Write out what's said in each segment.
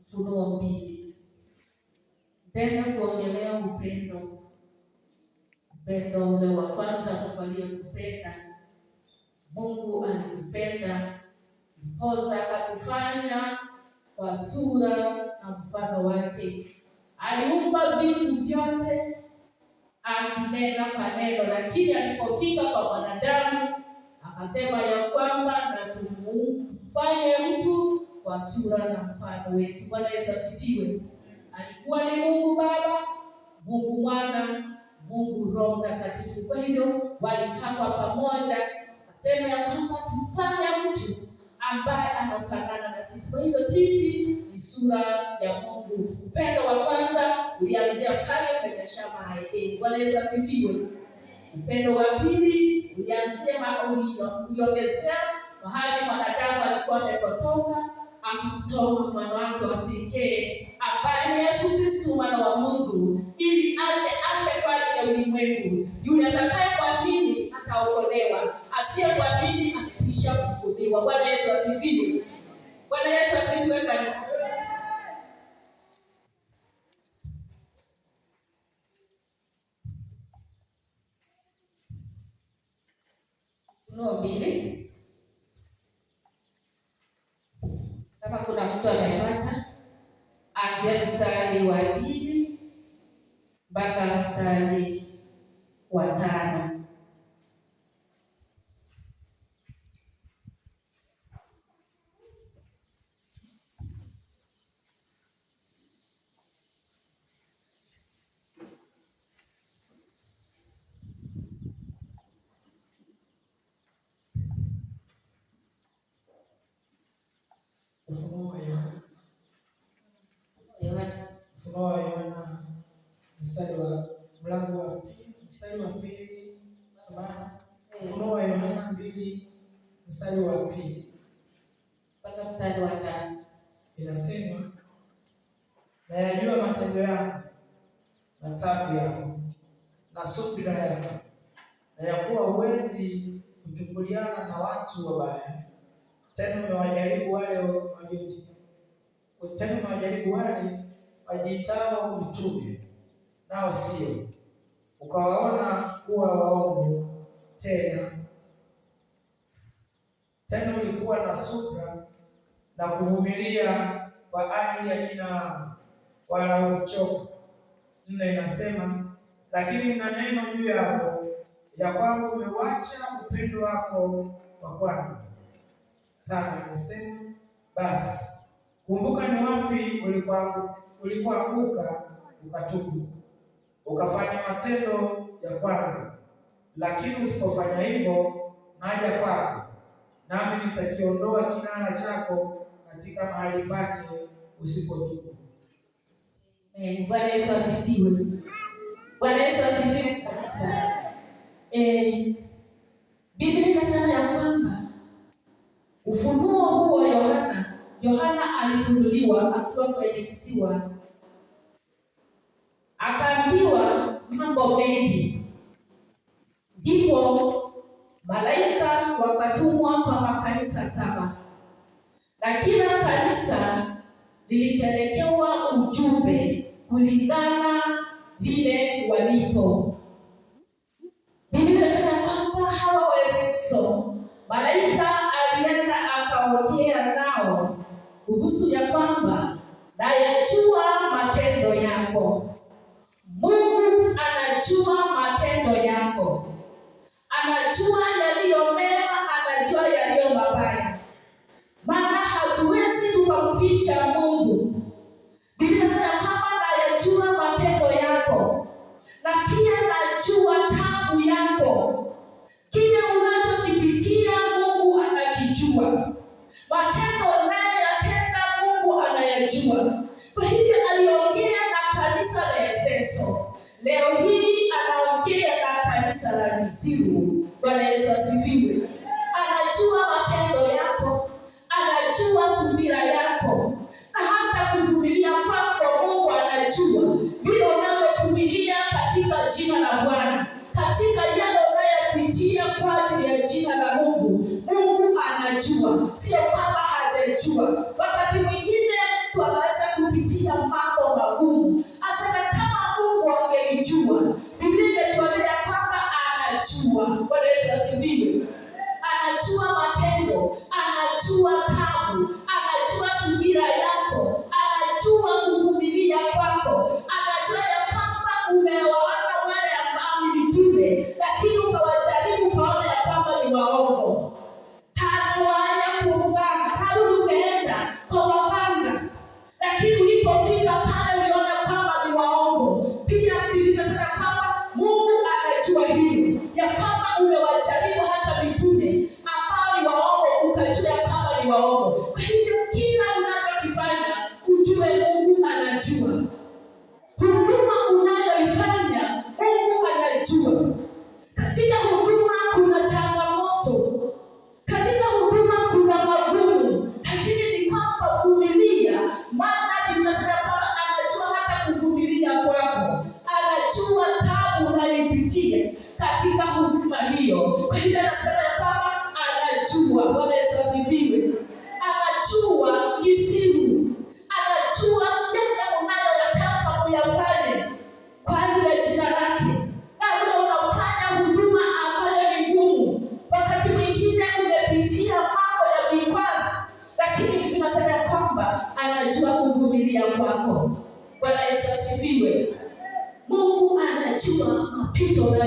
Ufunuo mbili. Mpenda kuongelea upendo, upendo ule wa kwanza, Mungu aliyekupenda. Mungu alikupenda mpoza, akakufanya kwa sura na mfano wake, aliumba vitu vyote akinena kwa neno, lakini alipofika kwa mwanadamu akasema ya kwamba na tumfanye kwa sura na mfano wetu. Bwana Yesu asifiwe. Alikuwa ni Mungu Baba, Mungu Mwana, Mungu Roho Mtakatifu. Kwa hivyo walikakwa pamoja, asema ya kwamba tumfanya mtu ambaye anafanana na sisi. Kwa hivyo sisi ni sura ya Mungu. Upendo wa kwanza ulianzia pale kwenye shamba la Edeni. Bwana Yesu asifiwe. Upendo wa pili ulianzia uliongezea mahali mwanadamu alikuwa amepotoka akimtoa mwana wake wa pekee ambaye ni Yesu Kristo mwana wa Mungu ili aje afe kwa ajili ya ulimwengu. Yule atakaye kuamini ataokolewa, asiye kuamini amekwisha kuhukumiwa. Bwana Yesu asifiwe. Bwana Yesu asifiwe kanisa. Ndio mbili wa pili mpaka mstari wa tano. Ufunuo mstari wa mlango wa pili mstari wa pili Ufunuo wa Yohana mbili mstari wa pili mpaka mstari wa tano inasema nayajua matendo yako na taabu yako na subira yako, na ya kuwa huwezi kuchukuliana na watu wabaya, tena umewajaribu wale wajaribu wale wajiitao mitume nao sio, ukawaona kuwa waovu tena tena ulikuwa na subra na kuvumilia kwa ajili ya jina langu, wala hukuchoka. Nne inasema lakini na neno juu yako ya kwamba umewacha upendo wako wa kwanza. Tano inasema basi kumbuka ni wapi ulikuanguka, ulikuanguka ukatubu ukafanya matendo ya kwanza, lakini usipofanya hivyo, naja kwako, nami nitakiondoa kinara chako katika mahali pake usipotubu. Bwana Yesu asifiwe. Bwana Yesu asifiwe kabisa. Eh, Biblia inasema ya kwamba ufunuo huo Yohana Yohana alifunuliwa akiwa kwenye kisiwa akaambiwa mambo mengi. Ndipo malaika wakatumwa kwa makanisa saba, na kila kanisa lilipelekewa ujumbe kulingana vile walipo. Biblia inasema kwamba hawa Waefeso malaika alienda akaongea nao kuhusu ya kwamba nayajua matendo yako anajua matendo yako, anajua yaliyo mema, anajua yaliyo mabaya, maana hatuwezi tukamficha Mungu. hii anaongea na kanisa la Mizimu. Bwana Yesu asifiwe. Anajua matendo yako, anajua subira yako na hata kuvumilia kwako. Mungu anajua vile unavyovumilia katika jina la Bwana, katika yale unayopitia kwa ajili ya jina la Mungu. Mungu anajua, sio kwamba hajajua. Wakati mwingine tunaweza kupitia ঠিক তোমরা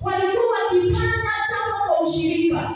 walikuwa wakifanya jambo kwa ushirika.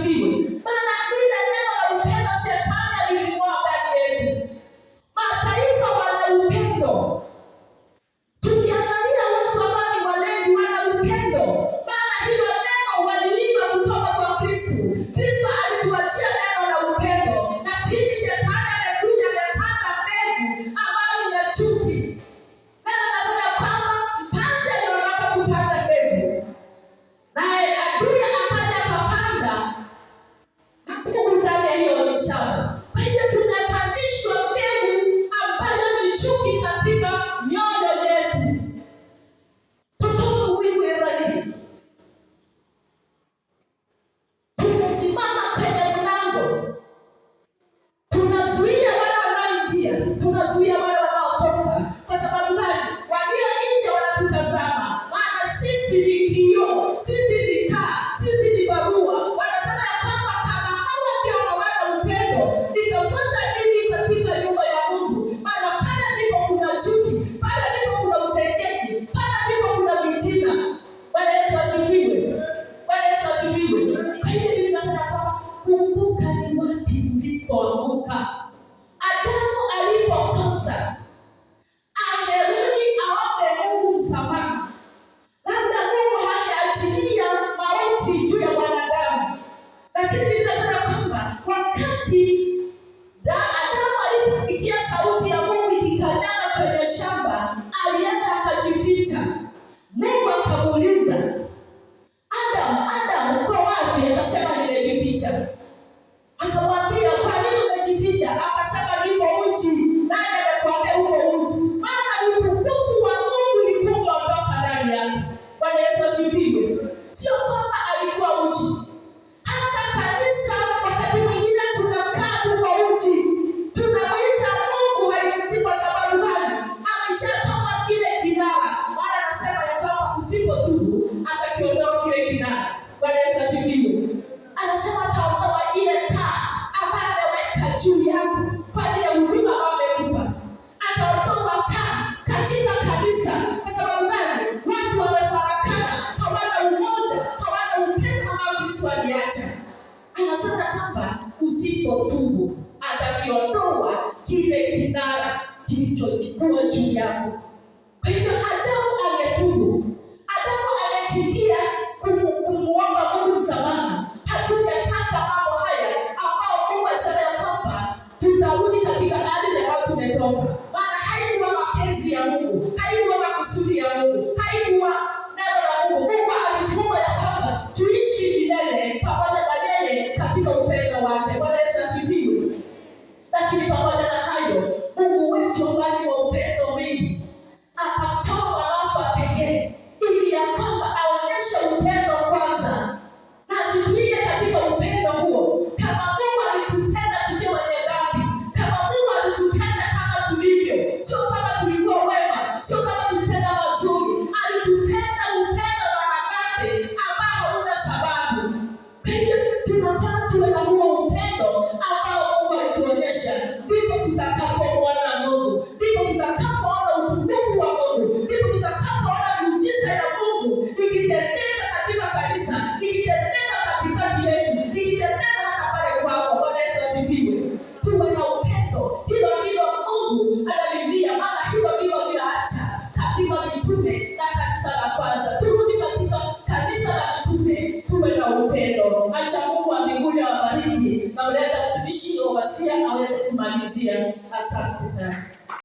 sim